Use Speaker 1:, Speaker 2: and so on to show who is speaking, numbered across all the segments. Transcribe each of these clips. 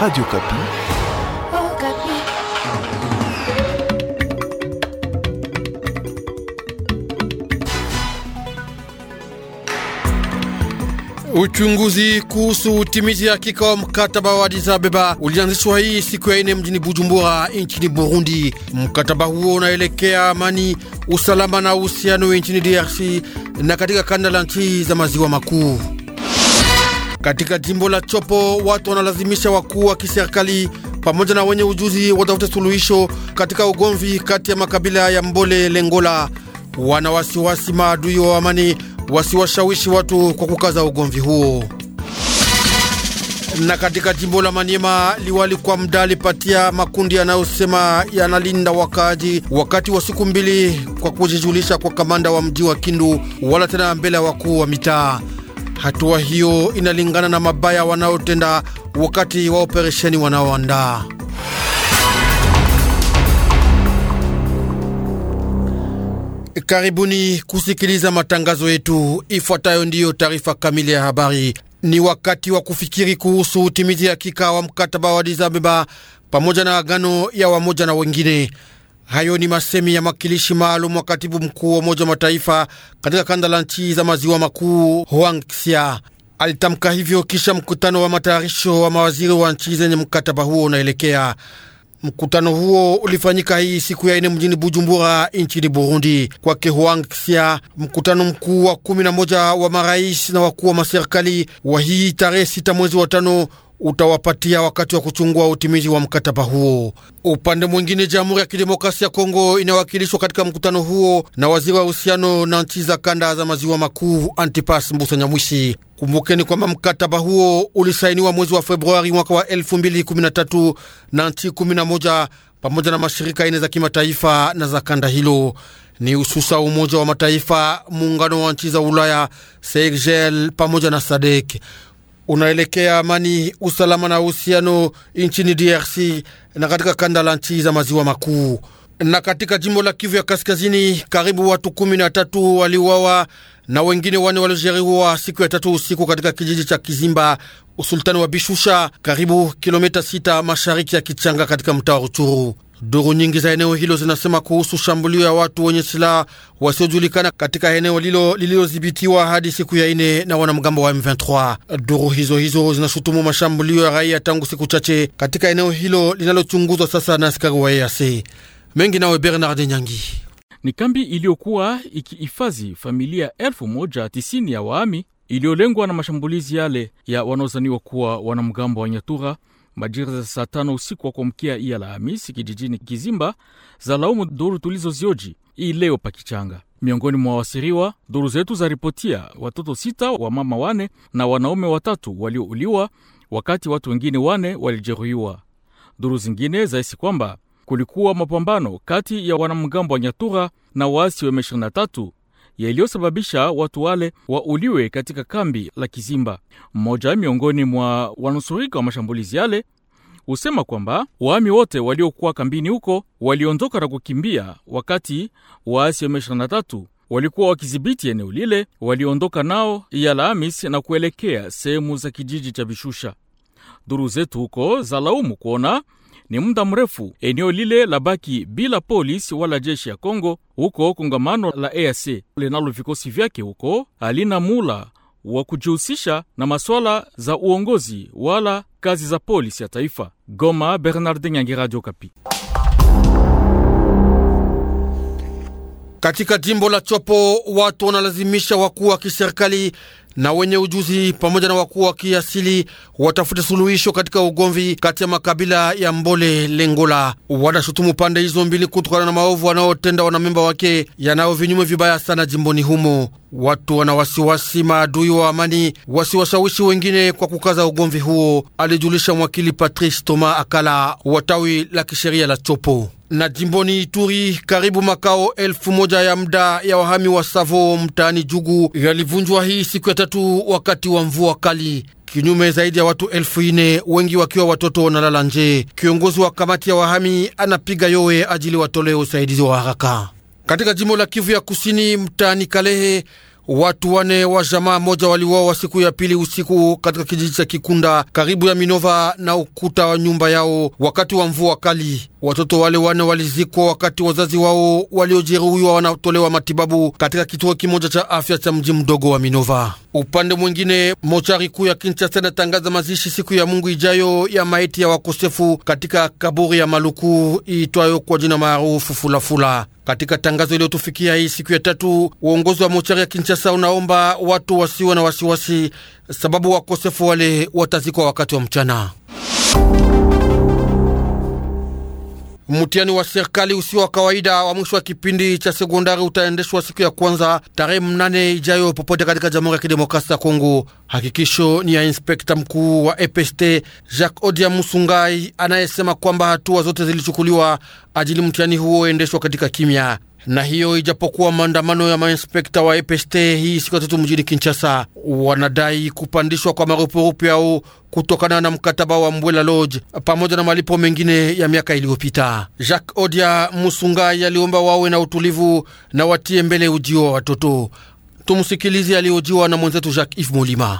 Speaker 1: Radio Kapi. Oh,
Speaker 2: Kapi.
Speaker 3: Uchunguzi kuhusu utimizi hakika wa mkataba wa Addis Ababa ulianzishwa hii siku ya ine mjini Bujumbura nchini Burundi. Mkataba huo unaelekea amani, usalama na uhusiano nchini DRC na katika kanda la nchi za maziwa makuu. Katika jimbo la Chopo watu wanalazimisha wakuu wa kiserikali pamoja na wenye ujuzi watafute suluhisho katika ugomvi kati ya makabila ya Mbole Lengola. Wana wasiwasi maadui wa amani wasiwashawishi watu kwa kukaza ugomvi huo. Na katika jimbo la Maniema liwali kwa muda alipatia makundi yanayosema yanalinda wakaaji wakati wa siku mbili kwa kujijulisha kwa kamanda wa mji wa Kindu wala tena mbele ya wakuu wa mitaa. Hatua hiyo inalingana na mabaya wanaotenda wakati wa operesheni wanaoandaa. Karibuni kusikiliza matangazo yetu. Ifuatayo ndiyo taarifa kamili ya habari. Ni wakati wa kufikiri kuhusu utimizi hakika wa mkataba wa Addis Ababa pamoja na agano ya wamoja na wengine Hayo ni masemi ya mwakilishi maalum wa katibu mkuu wa Umoja wa Mataifa katika kanda la nchi za maziwa makuu Hoang Xia. Alitamka hivyo kisha mkutano wa matayarisho wa mawaziri wa nchi zenye mkataba huo unaelekea. Mkutano huo ulifanyika hii siku ya ine mjini Bujumbura nchini Burundi. Kwake Hoang Xia, mkutano mkuu wa kumi na moja wa marais na wakuu wa maserikali wa hii tarehe sita mwezi wa tano utawapatia wakati wa kuchungua utimizi wa mkataba huo. Upande mwingine, Jamhuri ya Kidemokrasia ya Kongo inawakilishwa katika mkutano huo na waziri wa uhusiano na nchi za kanda za maziwa makuu Antipas Mbusa Nyamwisi. Kumbukeni kwamba mkataba huo ulisainiwa mwezi wa Februari mwaka wa 2013 na nchi 11 pamoja na mashirika ine za kimataifa na za kanda hilo ni hususa Umoja wa Mataifa, muungano wa nchi za Ulaya, SEGEL pamoja na SADEK unaelekea amani, usalama na uhusiano nchini DRC na katika kanda la nchi za maziwa makuu. Na katika jimbo la Kivu ya Kaskazini, karibu watu kumi na tatu waliuawa na wengine wane walijeruhiwa siku ya tatu usiku katika kijiji cha Kizimba, usultani wa Bishusha, karibu kilomita sita mashariki ya Kichanga katika mtaa wa Ruchuru. Duru nyingi za eneo hilo zinasema kuhusu shambulio ya watu wenye silaha wasiojulikana katika eneo lilo lililodhibitiwa hadi siku ya ine na wanamgambo wa M23. Duru hizo hizo zinashutumu mashambulio ya raia tangu siku chache katika eneo hilo linalochunguzwa sasa na askari wa EAC.
Speaker 4: Mengi nawe Bernard Nyangi ni kambi iliyokuwa ikihifadhi familia elfu moja tisini ya waami iliyolengwa na mashambulizi yale ya wanaozaniwa kuwa wanamgambo wa Nyatura majira za saa tano usiku wa kuamkia hii Alhamisi kijijini Kizimba za laumu tulizo tulizozioji hii leo pakichanga. Miongoni mwa wasiriwa, duru zetu za ripotia watoto sita wa mama wane na wanaume watatu waliouliwa, wakati watu wengine wane walijeruhiwa. Duru zingine zaisi kwamba kulikuwa mapambano kati ya wanamgambo wa Nyatura na waasi wa M23 yaliyosababisha watu wale wauliwe katika kambi la Kizimba. Mmoja miongoni mwa wanusurika wa mashambulizi yale husema kwamba waami wote waliokuwa kambini huko waliondoka na kukimbia, wakati waasi wa M23 walikuwa wakidhibiti eneo lile, waliondoka nao ya laamis na kuelekea sehemu za kijiji cha Vishusha. Duru zetu huko za laumu kuona ni muda mrefu eneo lile labaki bila polisi wala jeshi ya Kongo. Huko kongamano la EAC linalo vikosi vyake huko halina mula wa kujihusisha na maswala za uongozi wala kazi za polisi ya taifa. Goma, Bernardin Nyangi, Radio Kapi. Katika jimbo la Chopo watu wanalazimisha
Speaker 3: wakuu wa kiserikali na wenye ujuzi pamoja na wakuu wa kiasili watafute suluhisho katika ugomvi kati ya makabila ya Mbole Lengola. Wanashutumu pande hizo mbili kutokana na maovu wanaotenda wanamemba wake yanayo vinyume vibaya sana jimboni humo. Watu wana wasiwasi maadui wa amani wasiwashawishi wengine kwa kukaza ugomvi huo, alijulisha mwakili Patrice Thomas Akala wa tawi la kisheria la Chopo. Na jimboni Ituri, karibu makao elfu moja ya mda ya wahami wa Savo mtaani Jugu yalivunjwa hii siku ya tatu wakati wa mvua kali kinyume zaidi ya watu elfu ine wengi wakiwa watoto wanalala nje. Kiongozi wa kamati ya wahami anapiga yowe ajili watolewe usaidizi wa haraka katika jimbo la Kivu ya Kusini, mtaani Kalehe. Watu wane wa jamaa moja waliuawa siku ya pili usiku katika kijiji cha Kikunda karibu ya Minova na ukuta wa nyumba yao wakati wa mvua kali. Watoto wale wane walizikwa wakati wazazi wao waliojeruhiwa wanatolewa matibabu katika kituo kimoja cha afya cha mji mdogo wa Minova. Upande mwingine, mochari kuu ya Kinshasa inatangaza mazishi siku ya Mungu ijayo ya maiti ya wakosefu katika kaburi ya Maluku iitwayo kwa jina maarufu Fulafula. Katika tangazo iliyotufikia hii siku ya tatu, uongozi wa mochari ya Kinshasa unaomba watu wasiwe na wasiwasi, sababu wakosefu wale watazikwa wakati wa mchana. Mtihani wa serikali usio wa kawaida wa mwisho wa kipindi cha sekondari utaendeshwa siku ya kwanza tarehe mnane ijayo popote katika Jamhuri ya Kidemokrasia ya Kongo. Hakikisho ni ya inspekta mkuu wa EPST Jacques Odia Musungai anayesema kwamba hatua zote zilichukuliwa ajili mtihani huo endeshwa katika kimya na hiyo ijapokuwa maandamano ya mainspekta wa EPST hii siku tatu mjini Kinshasa wanadai kupandishwa kwa marupurupu yao kutokana na mkataba wa Mbwela Lodge pamoja na malipo mengine ya miaka iliyopita. Jacques Odia Musungai aliomba wawe na utulivu na watie mbele ujio wa watoto. Tumsikilize aliojiwa na mwenzetu Jacques Yves Molima.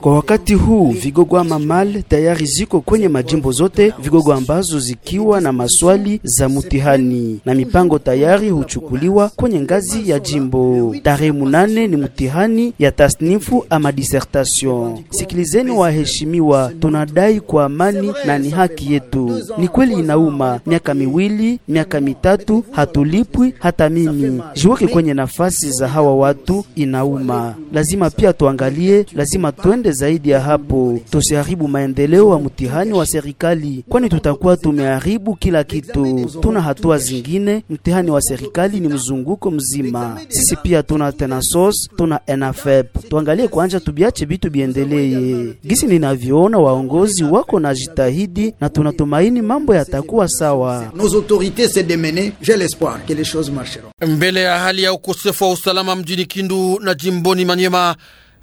Speaker 2: Kwa wakati huu vigogo ama mal tayari ziko kwenye majimbo zote, vigogo ambazo zikiwa na maswali za mtihani na mipango tayari huchukuliwa kwenye ngazi ya jimbo. Tarehe munane ni mtihani ya tasnifu ama dissertation. Sikilizeni waheshimiwa, tunadai kwa amani na ni haki yetu. Ni kweli inauma, miaka miwili miaka mitatu hatulipwi sijui hata mimi. Jiweke kwenye nafasi za hawa watu, inauma. Lazima pia tuangalie, lazima twende zaidi ya hapo, tusiharibu maendeleo ya mtihani wa serikali, kwani tutakuwa tumeharibu kila kitu. Tuna hatua zingine, mtihani wa serikali ni mzunguko mzima. Sisi pia tuna tenasos, tuna enafep, tuangalie kwanza, tubiache vitu biendeleye. Gisi ninavyoona waongozi wako na jitahidi, na tunatumaini mambo yatakuwa sawa. Nos autorités se démener, j'ai l'espoir que les choses marcheront.
Speaker 3: Mbele ya hali ya ukosefu wa usalama mjini Kindu na jimboni Manyema,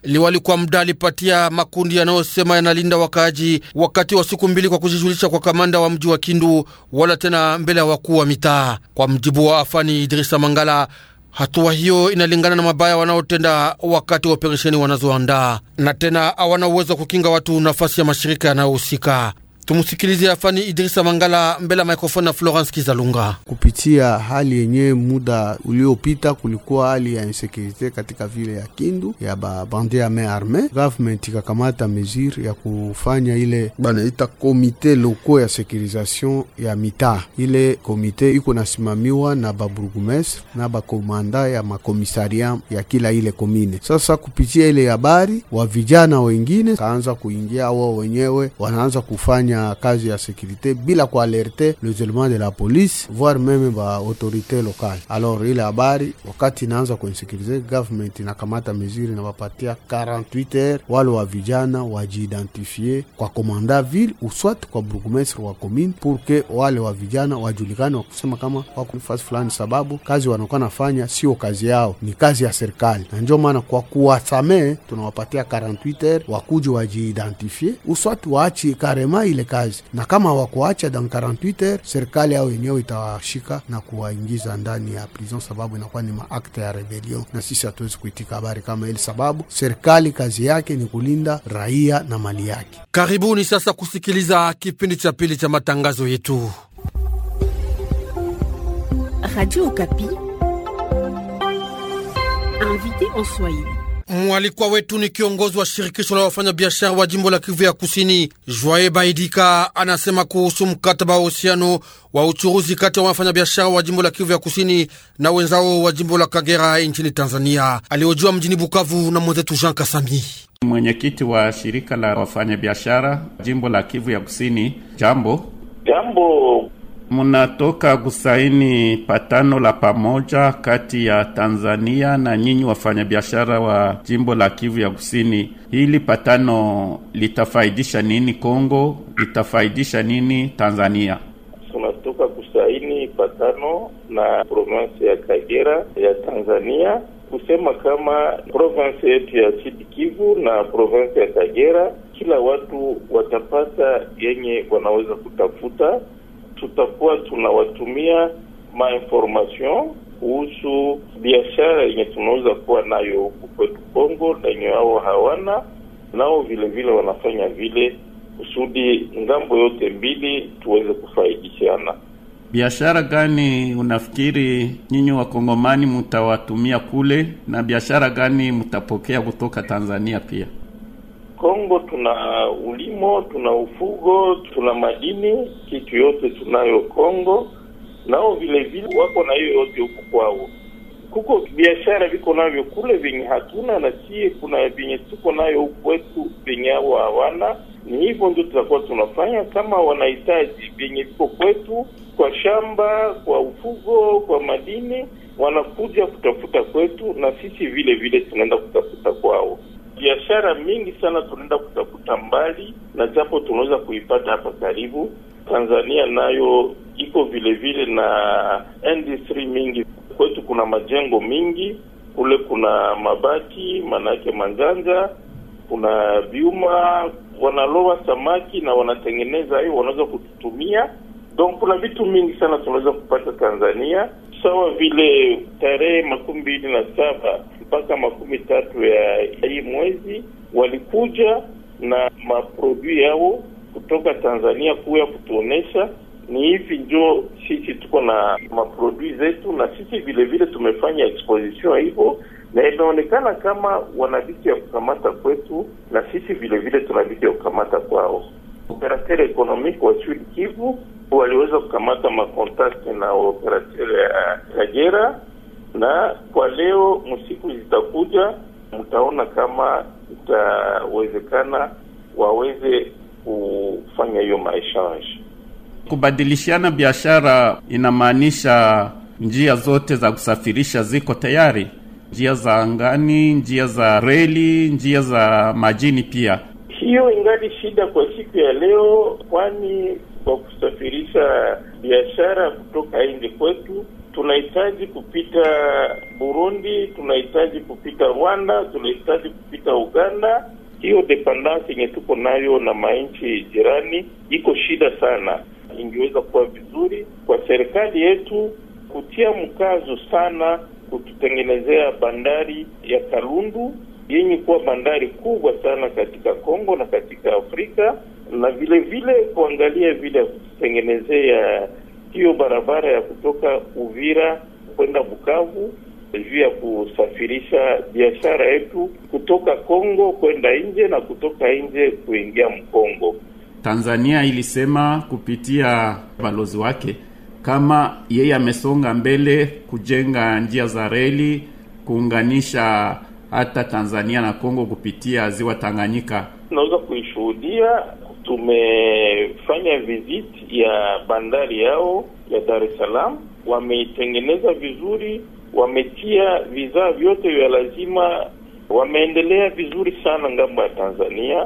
Speaker 3: liwali kwa muda alipatia makundi yanayosema yanalinda wakaaji wakati wa siku mbili kwa kujijulisha kwa kamanda wa mji wa Kindu wala tena mbele ya wakuu wa mitaa. Kwa mjibu wa afani Idrisa Mangala, hatua hiyo inalingana na mabaya wanaotenda wakati wa operesheni wanazoandaa, na tena hawana uwezo wa kukinga watu nafasi ya mashirika yanayohusika. Tumusikilize afani Idrisa Mangala mbele ya na Florence Kizalunga.
Speaker 1: Kupitia hali yenye muda uliopita, kulikuwa hali ya insekurite katika vile ya Kindu ya babande ya main arme. Government ikakamata mesure ya kufanya ile banaita komite loko ya sekurization ya mitaa. Ile komite iko nasimamiwa na baburgumestre na bakomanda ya makomisaria ya kila ile komine. Sasa kupitia ile habari wa vijana wengine kaanza kuingia wao wenyewe wanaanza kufanya kufanya kazi ya sekurite bila kualerte les elements de la police voire meme ba autorité lokale. Alors ile habari wakati inaanza kuinsekurize, government inakamata mezuri inawapatia 48 heures wale wa vijana wajiidentifie kwa komanda ville soit kwa bourgmestre wa commune, que wale wa vijana wajulikane wakusema kama wako fasi fulani, sababu kazi wanakuwa nafanya sio kazi yao, ni kazi ya serikali, na ndio maana kwa kuwasamee tunawapatia 48 heures wakuji wajiidentifie uswat waachi karema ile ile kazi, na kama hawakuacha dans 48 heures, serikali yao yenyewe itawashika na kuwaingiza ndani ya prison, sababu inakuwa ni maakte ya rebelion, na sisi hatuwezi kuitika habari kama ile, sababu serikali kazi yake ni kulinda raia na mali yake.
Speaker 3: Karibuni sasa kusikiliza kipindi cha pili cha matangazo yetu Radio Okapi, invité en Swahili. Mwalikwa wetu ni kiongozi wa shirikisho la wafanyabiashara wa jimbo la Kivu ya Kusini, Joae Baidika, anasema kuhusu mkataba wa uhusiano wa uchuruzi kati ya wafanyabiashara wa jimbo la Kivu ya Kusini na wenzao wa jimbo la Kagera nchini Tanzania, aliojiwa mjini Bukavu na mwenzetu Jean Kasami,
Speaker 5: mwenyekiti wa shirika la wafanyabiashara jimbo la Kivu ya Kusini. Jambo jambo munatoka kusaini patano la pamoja kati ya Tanzania na nyinyi wafanyabiashara wa jimbo la Kivu ya Kusini. Hili patano litafaidisha nini Kongo? Litafaidisha nini Tanzania?
Speaker 6: Tunatoka kusaini patano na province ya Kagera ya Tanzania kusema kama province yetu ya Sud Kivu na province ya Kagera, kila watu watapata yenye wanaweza kutafuta tutakuwa tunawatumia mainformation kuhusu biashara yenye tunaweza kuwa nayo huku kwetu Kongo na yenye wao hawana nao vile vile wanafanya vile kusudi ngambo yote mbili tuweze kufaidishana.
Speaker 5: Biashara gani unafikiri nyinyi wakongomani mutawatumia kule na biashara gani mutapokea kutoka Tanzania pia?
Speaker 6: udongo, tuna ulimo, tuna ufugo, tuna madini, kitu yote tunayo Kongo. Nao vile vile wako na hiyo yote huku kwao. Kuko biashara viko navyo kule vyenye hatuna, na sie kuna vyenye tuko nayo huku wetu vyenye hao hawana. Ni hivyo ndio tutakuwa tunafanya, kama wanahitaji vyenye viko kwetu kwa shamba, kwa ufugo, kwa madini, wanakuja kutafuta kwetu, na sisi vile vile tunaenda kutafuta kwao biashara mingi sana tunaenda kutafuta mbali, na japo tunaweza kuipata hapa karibu. Tanzania nayo iko vile vile na industry mingi. Kwetu kuna majengo mingi kule, kuna mabati manake manjanja, kuna vyuma, wanaloa samaki na wanatengeneza hiyo, wanaweza kututumia. Donc kuna vitu mingi sana tunaweza kupata Tanzania, sawa vile tarehe makumi mbili na saba mpaka makumi tatu ya hii mwezi walikuja na maprodui yao kutoka Tanzania kuya kutuonesha ni hivi njo sisi tuko na maprodui zetu, na sisi vile vile tumefanya exposition hivyo, na imeonekana kama wanabiki ya kukamata kwetu, na sisi vile vile tunabiki ya kukamata kwao. Operateur ekonomiki wa Sud Kivu waliweza kukamata makontakti na operater ya Kagera na kwa leo msiku zitakuja, mtaona kama itawezekana waweze kufanya hiyo maeshange.
Speaker 5: Kubadilishana biashara inamaanisha njia zote za kusafirisha ziko tayari, njia za angani, njia za reli, njia za majini pia.
Speaker 6: Hiyo ingali shida kwa siku ya leo, kwani kwa kusafirisha biashara kutoka nje kwetu tunahitaji kupita Burundi, tunahitaji kupita Rwanda, tunahitaji kupita Uganda. Hiyo dependance yenye tuko nayo na manchi jirani iko shida sana. Ingeweza kuwa vizuri kwa serikali yetu kutia mkazo sana kututengenezea bandari ya Kalundu yenye kuwa bandari kubwa sana katika Kongo na katika Afrika, na vile vile kuangalia vile ya kututengenezea hiyo barabara ya kutoka Uvira kwenda Bukavu juu ya kusafirisha biashara yetu kutoka
Speaker 5: Kongo kwenda nje na kutoka nje kuingia Mkongo. Tanzania ilisema kupitia balozi wake kama yeye amesonga mbele kujenga njia za reli kuunganisha hata Tanzania na Kongo kupitia ziwa Tanganyika.
Speaker 6: Tunaweza kuishuhudia tumefanya viziti ya bandari yao ya Dar es Salaam, wameitengeneza vizuri, wametia vizaa vyote vya lazima, wameendelea vizuri sana ngambo ya Tanzania,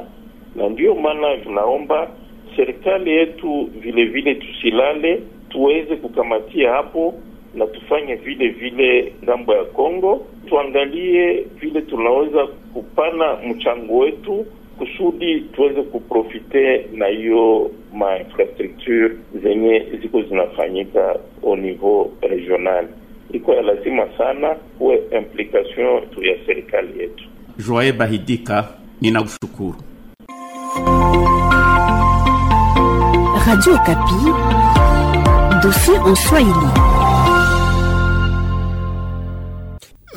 Speaker 6: na ndiyo maana tunaomba serikali yetu vile vile tusilale, tuweze kukamatia hapo na tufanye vile vile ngambo ya Kongo, tuangalie vile tunaweza kupana mchango wetu kusudi tuweze kuprofite na hiyo mainfrastructure zenye ziko zinafanyika au niveau regional. Iko lazima sana kuwe implication ya serikali yetu.
Speaker 5: Bahidika,
Speaker 2: dossier en Swahili.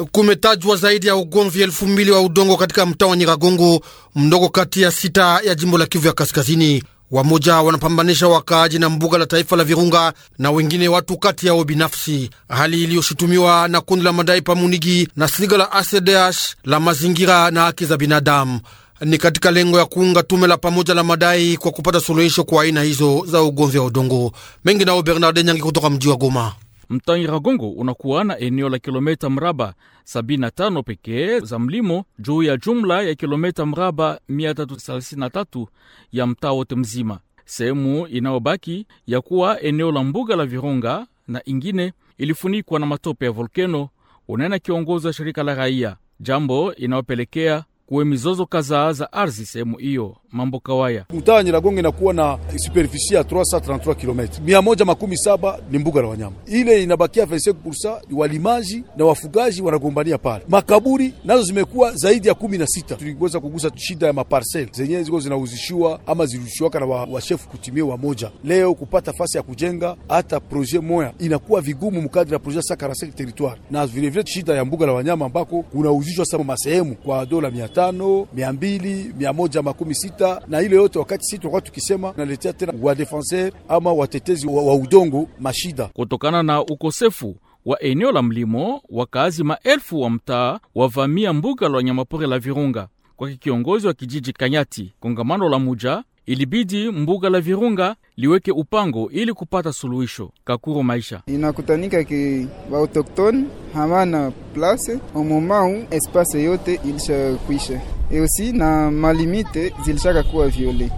Speaker 3: kumetajwa zaidi ya ugomvi elfu mbili wa udongo katika mtaa wa Nyiragongo mdogo kati ya sita ya jimbo la Kivu ya Kaskazini. Wamoja wanapambanisha wakaaji na mbuga la taifa la Virunga na wengine watu kati yao binafsi, hali iliyoshutumiwa na kundi la madai Pamunigi na siga la ACDH la mazingira na haki za binadamu. Ni katika lengo ya kuunga tume la pamoja la madai kwa kupata suluhisho kwa aina hizo za ugomvi wa udongo.
Speaker 4: Mengi nao Bernard Nyangi kutoka mji wa Goma. Mtani Ragongo unakuwa na eneo la kilometa mraba 75 pekee za mlimo juu ya jumla ya kilometa mraba 333 ya mtaa wote mzima. Sehemu inayobaki ya kuwa eneo la mbuga la Virunga na ingine ilifunikwa na matope ya volkeno, unena kiongozi wa shirika la raia, jambo inayopelekea kuwe mizozo kadhaa za ardhi sehemu hiyo. Mambo kawaya
Speaker 2: mtaa Nyiragonge inakuwa na superficie ya 333 km saba ni mbuga la wanyama, ile inabakia 25% walimaji na wafugaji wanagombania pale. Makaburi nazo zimekuwa zaidi ya kumi na sita Tuliweza kugusa shida ya maparcel zenyewe ziko zinauzishiwa ama zirudishiwaka na washefu wa kutimia wamoja. Leo kupata fasi ya kujenga hata proje moya inakuwa vigumu mkadiri ya proje sa 45 territoire, na vilevile shida ya mbuga la wanyama ambako kunauzishwa sama masehemu kwa dola mia tano tano mia mbili mia moja makumi sita na ile yote wakati sisi tunakuwa tukisema naletea tena wa defenseur ama watetezi wa, wa udongo mashida
Speaker 4: kutokana na ukosefu wa eneo la mlimo. Wakaazi maelfu wa mtaa wavamia mbuga la wanyamapori la Virunga. Kwake kiongozi wa kijiji Kanyati, kongamano la muja Ilibidi mbuga la Virunga liweke upango ili kupata suluhisho. Kakuru maisha
Speaker 2: inakutanika ke vaautoktone hawana place omomau, espace yote ilishakwisha eosi na malimite zilishaka kuwa viole,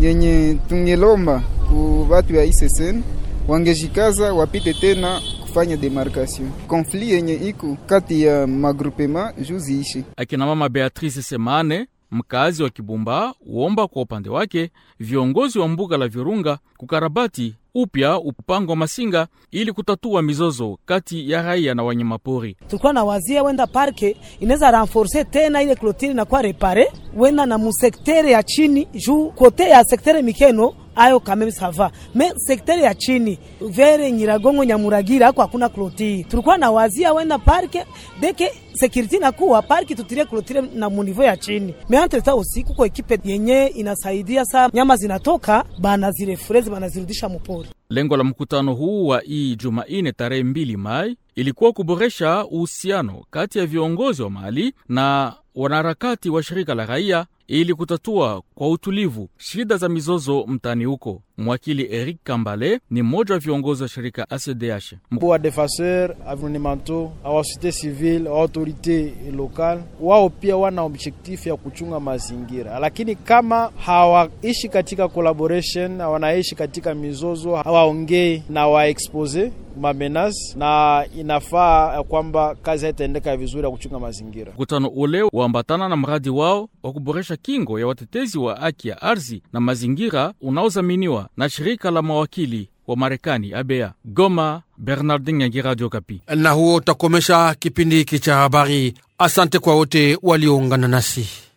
Speaker 2: yenye tungelomba ku vatu ya ISSN wangejikaza wapite tena kufanya demarcation konfli yenye iku kati ya magrupema juziishi
Speaker 4: Akina mama Beatrice Semane Mkazi wa Kibumba uomba kwa upande wake viongozi wa mbuga la Virunga kukarabati upya upango wa Masinga ili kutatua mizozo kati ya raia na wanyamapori.
Speaker 2: Tulikuwa na wazia wenda parke inaweza renforce tena ile klotiri na kwa repare wenda na musektere ya chini juu kote ya sektere Mikeno ayo kameme sava me sekteri ya chini vere Nyiragongo, Nyamuragira hako hakuna kloti Tulikuwa na wazia wenda parke deke security na kuwa parki tutire klotire na munivo ya chini meantreta usiku kwa ekipe yenye inasaidia sa nyama zinatoka bana zile furezi bana zirudisha mupori.
Speaker 4: Lengo la mkutano huu wa ii jumaine tarehe mbili Mai ilikuwa kuboresha uhusiano kati ya viongozi wa Mali na wanaharakati wa shirika la raia ili kutatua kwa utulivu shida za mizozo mtaani huko. Mwakili Eric Kambale ni mmoja wa viongozi wa shirika ACDH.
Speaker 2: Wa defaseur environnementaux
Speaker 3: awa civil civile wa autorite lokale, wao pia wana objektif ya kuchunga mazingira, lakini kama hawaishi katika collaboration, wanaishi katika
Speaker 2: mizozo, hawaongei na waexpose mamenase, na inafaa kwamba kazi haitaendeka vizuri ya kuchunga mazingira.
Speaker 4: Mkutano ule wa kuambatana na mradi wao wa kuboresha kingo ya watetezi wa haki ya ardhi na mazingira unaozaminiwa na shirika la mawakili wa Marekani abea Goma. Bernardin Nyangi, Radio Kapi. Na huo utakomesha kipindi hiki cha habari. Asante kwa wote walioungana nasi.